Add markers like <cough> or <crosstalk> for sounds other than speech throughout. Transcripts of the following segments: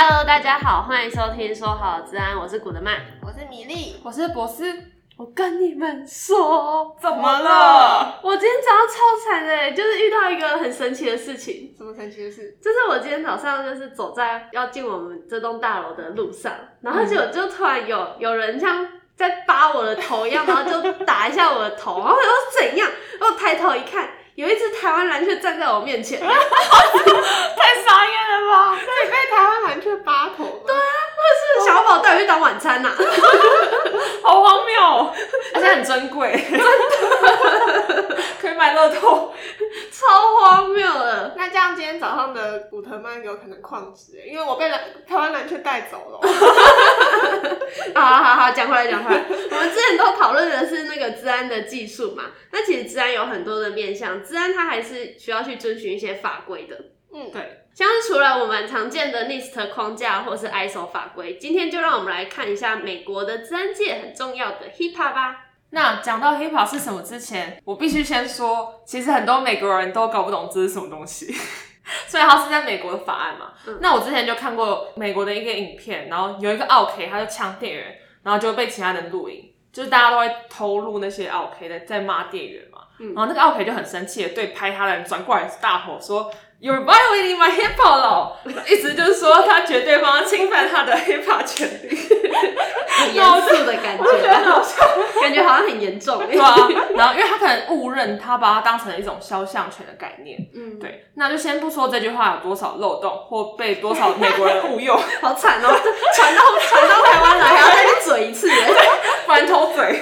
Hello，大家好，歡迎收聽說好資安，我是古德曼，我是米粒，我是博士。我跟你們說，怎麼了？我今天早上超慘的，就是遇到一個很神奇的事情。什麼神奇的事？就是我今天早上就是走在要進我們這棟大樓的路上，然後就就突然有、嗯、有人像在扒我的頭一樣，然後就打一下我的頭， <laughs> 然後又怎樣？然後抬頭一看。有一隻台灣藍雀站在我面前， <laughs> 太傻眼了吧？所對以被台灣藍雀扒頭嗎？對啊，或者是小寶帶我去當晚餐吶、啊？ <laughs> 好荒謬，而且很珍貴， <laughs> <laughs> 可以買樂透。早上的古藤曼有可能曠職，因為我被人台灣人卻帶走了。好好好，講回來講回來，回來 <laughs> 我們之前都討論的是那個資安的技術嘛，那其實資安有很多的面向，資安它還是需要去遵循一些法規的。嗯，對。像是除了我們常見的 NIST 框架或是 ISO 法規，今天就讓我們來看一下美國的資安界很重要的 HIPAA 吧。那講到 HIPAA 是什麼之前，我必須先說，其實很多美國人都搞不懂這是什麼東西。所以他是在美國的法案嘛？嗯。那我之前就看過美國的一個影片，然後有一個奧客，他就嗆店員，然後就會被其他人錄影，就是大家都會偷錄那些奧客在在罵店員嘛。嗯。然後那個奧客就很生氣，對拍他的人轉過來是大吼說：“You're violating my hip-hop law.” 一直就是說他覺得對方侵犯他的 hiphop 權利。 <laughs> 很嚴肅的感覺，覺感覺好像很嚴重， <laughs> 對啊，然後，因為他可能誤認，他把它當成了一種肖像權的概念。嗯，對。那就先不說這句話有多少漏洞，或被多少美國人誤用，好慘哦！這傳到傳到台灣來，還要再去嘴一次耶，翻頭對嘴。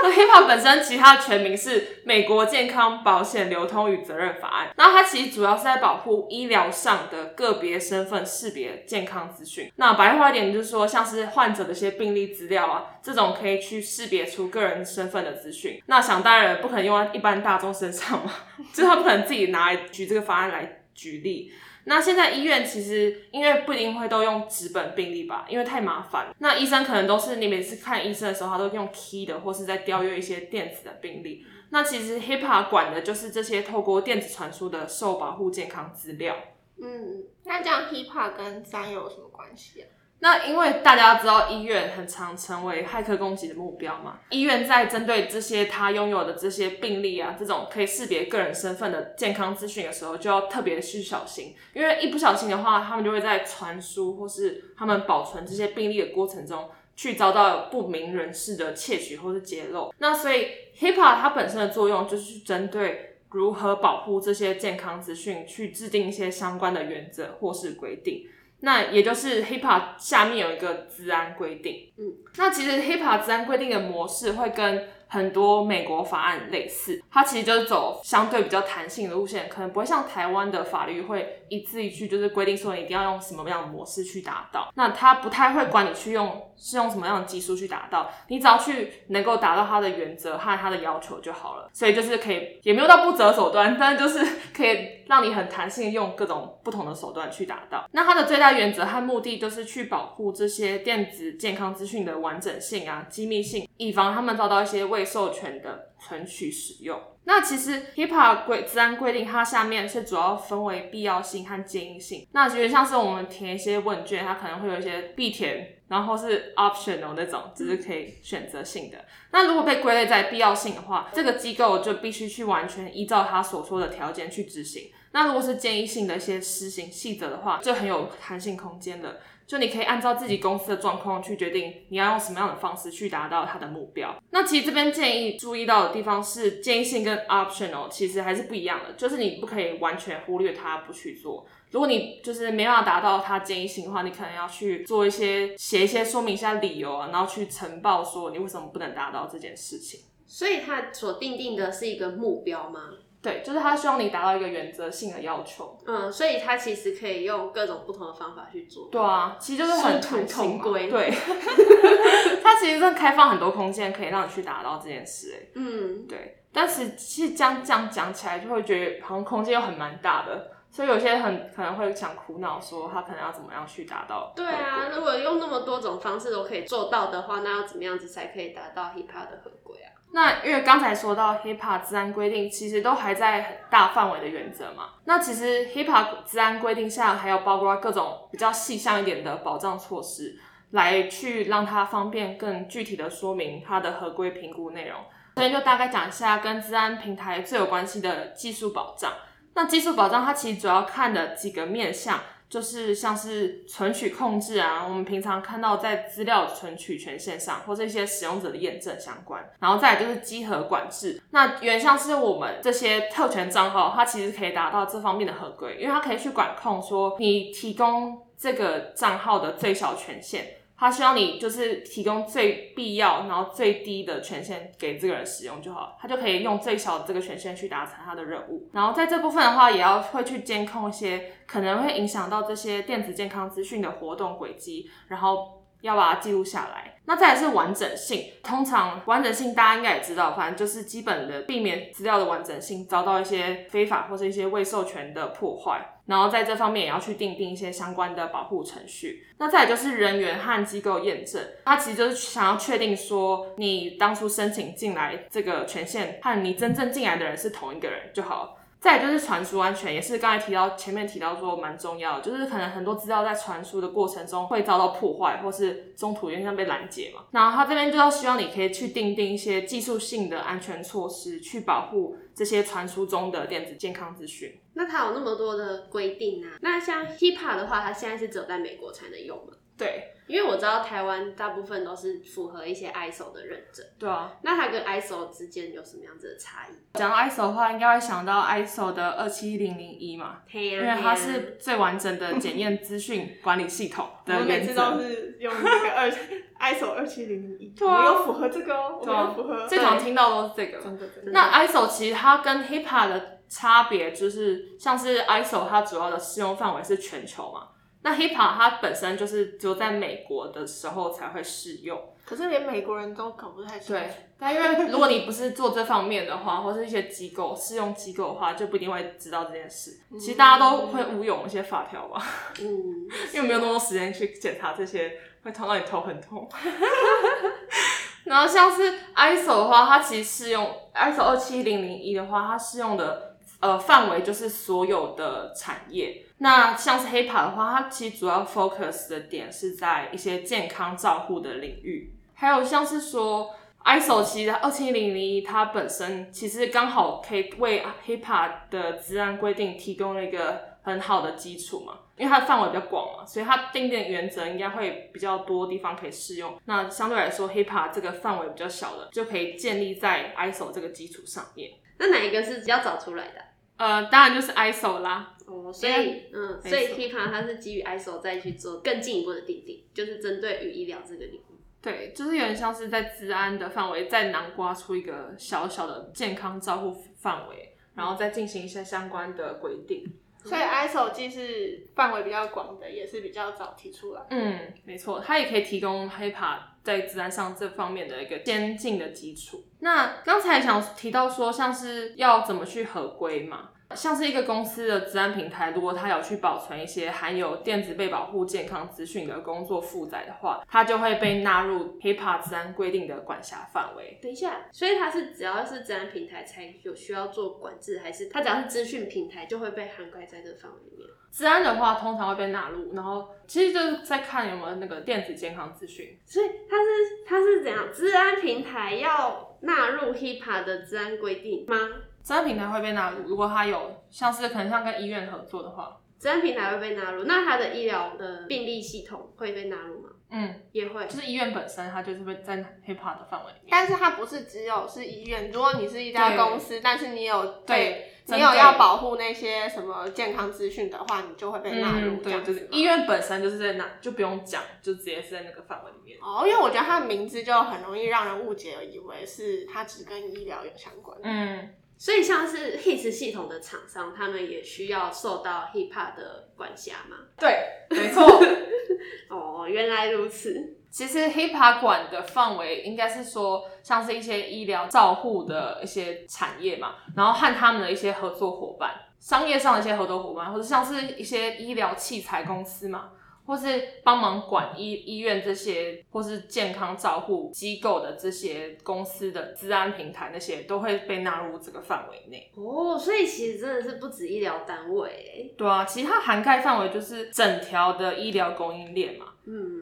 HIPAA 本身，其實它的全名是《美國健康保險流通與責任法案》，那它其實主要是在保護醫療上的個別身份識別健康資訊。那白話一點就是說，像是患者的一些病歷。資料啊，這種可以去識別出個人身份的資訊，那想當然不可能用在一般大眾身上嘛，就他不可能自己拿來舉這個方案來舉例。那現在醫院其實因為不一定會都用紙本病例吧，因為太麻煩。那醫生可能都是你每次看醫生的時候，他都用 key 的，或是在調閱一些電子的病例。那其實 HIPAA 管的就是這些透過電子傳輸的受保護健康資料。嗯，那這樣 HIPAA 跟三有什麼關係啊？那因為大家知道醫院很常成為駭客攻擊的目標嘛，醫院在針對這些他擁有的這些病例啊，這種可以識別個人身份的健康資訊的時候，就要特別去小心，因為一不小心的話，他們就會在傳輸或是他們保存這些病例的過程中，去遭到不明人士的竊取或是揭露。那所以 HIPAA 它本身的作用就是針對如何保護這些健康資訊，去制定一些相關的原則或是規定。那也就是 HIPAA 下面有一個資安規定。嗯，那其實 HIPAA 資安規定的模式會跟很多美國法案類似，它其實就是走相對比較彈性的路線，可能不會像台灣的法律會一字一句就是規定說你一定要用什麼樣的模式去達到。那它不太會管你去用是用什麼樣的技術去達到，你只要去能夠達到它的原則和它的要求就好了。所以就是可以，也沒有到不擇手段，但是就是可以，讓你很彈性，用各種不同的手段去達到。那它的最大原則和目的就是去保護這些電子健康資訊的完整性啊、機密性，以防他們遭到一些未授權的存取使用。那其實 HIPAA 的資安規定，它下面是主要分為必要性和建議性。那其實像是我們填一些問卷，它可能會有一些必填。然後是 optional 那種，只、就是可以選擇性的。那如果被歸類在必要性的話，這個機構就必須去完全依照他所說的條件去執行。那如果是建議性的一些施行細則的話，就很有彈性空間的。就你可以按照自己公司的狀況去決定你要用什麼樣的方式去達到他的目標。那其實這邊建議注意到的地方是建議性跟 optional，其實還是不一樣的，就是你不可以完全忽略他不去做。如果你就是沒辦法達到他建議性的話，你可能要去做一些，寫一些說明一下理由啊，然後去呈報說你為什麼不能達到這件事情。所以他所定定的是一個目標嗎？對，就是他希望你達到一個原則性的要求。嗯，所以他其實可以用各種不同的方法去做。對啊，其實就是殊途同歸。對， <laughs> <laughs> 他其實是開放很多空間，可以讓你去達到這件事。哎，嗯，對。但是其，其實這樣這樣講起來，就會覺得好像空間又很蠻大的，所以有些人很可能會想苦惱說，他可能要怎麼樣去達到？對啊，如果用那麼多種方式都可以做到的話，那要怎麼樣子才可以達到 hiphop 的合規啊？那因為剛才說到 HIPAA 資安規定，其實都還在很大範圍的原則嘛。那其實 HIPAA 資安規定下，還有包括各種比較細項一點的保障措施，來去讓它方便更具體的說明它的合規評估內容。今天就大概講一下跟資安平台最有關係的技術保障。那技術保障它其實主要看的幾個面向，就是像是存取控制啊，我們平常看到在資料存取權限上，或是一些使用者的驗證相關，然後再來就是稽核管制。那原像是我們這些特權賬號，它其實可以達到這方面的合規，因為它可以去管控說你提供這個賬號的最小權限。他需要你就是提供最必要，然後最低的權限給這個人使用就好，他就可以用最小的這個權限去達成他的任務。然後在這部分的話，也要會去監控一些可能會影響到這些電子健康資訊的活動軌跡，然後要把它記錄下來。那再來是完整性，通常完整性大家應該也知道，反正就是基本的避免資料的完整性遭到一些非法或是一些未授權的破壞。然後在這方面也要去訂定一些相關的保護程序。那再就是人員和機構驗證，他其實就是想要確定說，你當初申請進來這個權限和你真正進來的人是同一個人就好了。再就是傳輸安全，也是剛才提到前面提到說蠻重要的，就是可能很多資料在傳輸的過程中會遭到破壞，或是中途因為被攔截嘛。然後他這邊就要希望你可以去訂定一些技術性的安全措施，去保護這些傳輸中的電子健康資訊。那它有那麼多的規定啊，那像 HIPAA 的話，它現在是只有在美國才能用嗎？對，因為我知道台灣大部分都是符合一些 ISO 的認證。對啊，那它跟 ISO 之間有什麼樣子的差異？講到 ISO 的話，應該會想到 ISO 的二七零零一嘛，天天因為它是最完整的檢驗資訊管理系統。 <laughs> 我每次都是用這個 <laughs> ISO 二七零零一， <laughs> 我有符合這個哦， <laughs> 我、符、這個、 <laughs> 我有符合。最常對聽到都是這個。那 ISO 其實它跟 HIPAA 的差別就是，像是 ISO 它主要的適用範圍是全球嘛。那 HIPAA 它本身就是只有在美國的時候才會適用，可是連美國人都搞不太清楚。對，但因為如果你不是做這方面的話， <laughs> 或是一些機構適用機構的話，就不一定會知道這件事。嗯、其實大家都會誤用一些法條吧，嗯， <laughs> 因為沒有那麼多時間去檢查這些，會痛到你頭很痛。 <laughs> 然後像是 ISO 的話，它其實適用 ISO 二七零零一的話，它適用的。呃，範圍就是所有的產業。那像是 HIPAA 的話，它其實主要 focus 的點是在一些健康照護的領域，還有像是說 ISO 其實二七零零一它本身其實剛好可以為 HIPAA 的資安規定提供了一個很好的基礎嘛，因為它的範圍比較廣嘛，所以它定點原則應該會比較多地方可以適用。那相對來說，HIPAA 這個範圍比較小的，就可以建立在 ISO 這個基礎上面。那哪一個是比較早出來的？呃，當然就是 ISO 啦。哦，所以，嗯，ISO，所以 HIPAA 它是基於 ISO 再去做更進一步的定定，就是針對與醫療這個領域。對，就是有點像是在資安的範圍再囊括出一個小小的健康照護範圍，然後再進行一些相關的規定。嗯，所以 ISO 既是範圍比較廣的，也是比較早提出來。嗯，沒錯，它也可以提供 HIPAA。在資安上這方面的一個先進的基礎。那剛才想提到說，像是要怎麼去合規嘛？像是一個公司的資安平台，如果它有去保存一些含有電子被保護健康資訊的工作負載的話，它就會被納入 HIPAA 資安規定的管轄範圍。等一下，所以它是只要是資安平台才有需要做管制，還是它只要是資訊平台就會被涵蓋在這個範圍裡面？治安的話，通常會被納入，然後其實就是在看有沒有那個電子健康資訊。所以它是它是怎樣？治安平台要納入 HIPAA 的治安規定嗎？治安平台會被納入，如果它有，像是可能像跟醫院合作的話，治安平台會被納入。那它的醫療的病歷系統會被納入嗎？嗯，也會，就是醫院本身它就是會在 HIPAA 的範圍裡面。但是它不是只有是醫院，如果你是一家公司，對但是你有對。你有要保護那些什麼健康資訊的話，你就會被納入，嗯對就是，醫院本身就是在那就不用講，就直接是在那個範圍裡面。哦，因為我覺得他的名字就很容易讓人誤解，以為是它只跟醫療有相關。嗯，所以像是 His 系統的廠商，他們也需要受到 HIPAA 的管轄嗎？對，沒錯。 <laughs> 哦，原來如此。其實 HIPAA 管的範圍應該是說，像是一些醫療照護的一些產業嘛，然後和他們的一些合作夥伴，商業上的一些合作夥伴，或者像是一些醫療器材公司嘛，或是幫忙管醫醫院這些，或是健康照護機構的這些公司的資安平台，那些都會被納入這個範圍內。哦，所以其實真的是不止醫療單位。對啊，其實它涵蓋範圍就是整條的醫療供應鏈嘛。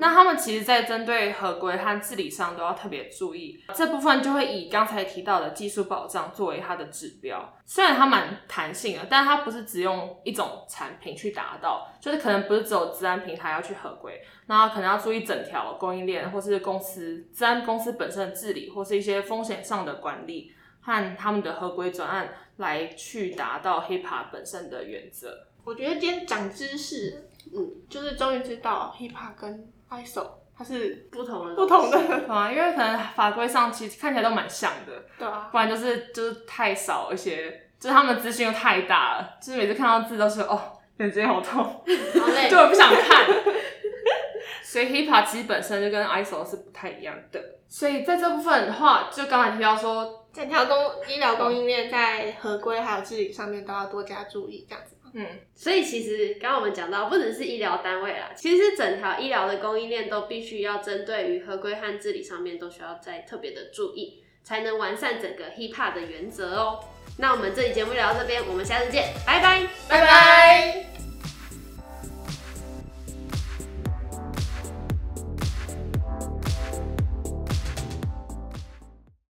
那他們其實，在針對合規和治理上都要特別注意這部分，就會以剛才提到的技術保障作為它的指標。雖然它蠻彈性的，但是它不是只用一種產品去達到，就是可能不是只有資安平台要去合規，那可能要注意整條供應鏈，或是公司資安公司本身的治理，或是一些風險上的管理和他們的合規專案來去達到 HIPAA 本身的原則。我覺得今天講知識，嗯，就是終於知道 HIPAA 跟 ISO，它是不同的，不同的 <laughs> 啊，因為可能法規上其實看起來都蠻像的，對啊，不然就是就是太少一些，而且就是他們的資訊又太大了，就是每次看到字都是哦，眼睛好痛，好累，對，我不想看。 <laughs> 所以 HIPAA 其實本身就跟 ISO 是不太一樣的，所以在這部分的話，就剛才提到說，整條供醫療供應鏈在合規還有治理上面都要多加注意，這樣子。嗯，所以其實剛剛我們講到，不只是醫療單位啦，其實整條醫療的供應鏈都必須要針對於合規和治理上面，都需要再特別的注意，才能完善整個 HIPAA 的原則哦、喔。那我們這集節目聊到這邊，我們下次見，拜拜，拜拜。拜拜。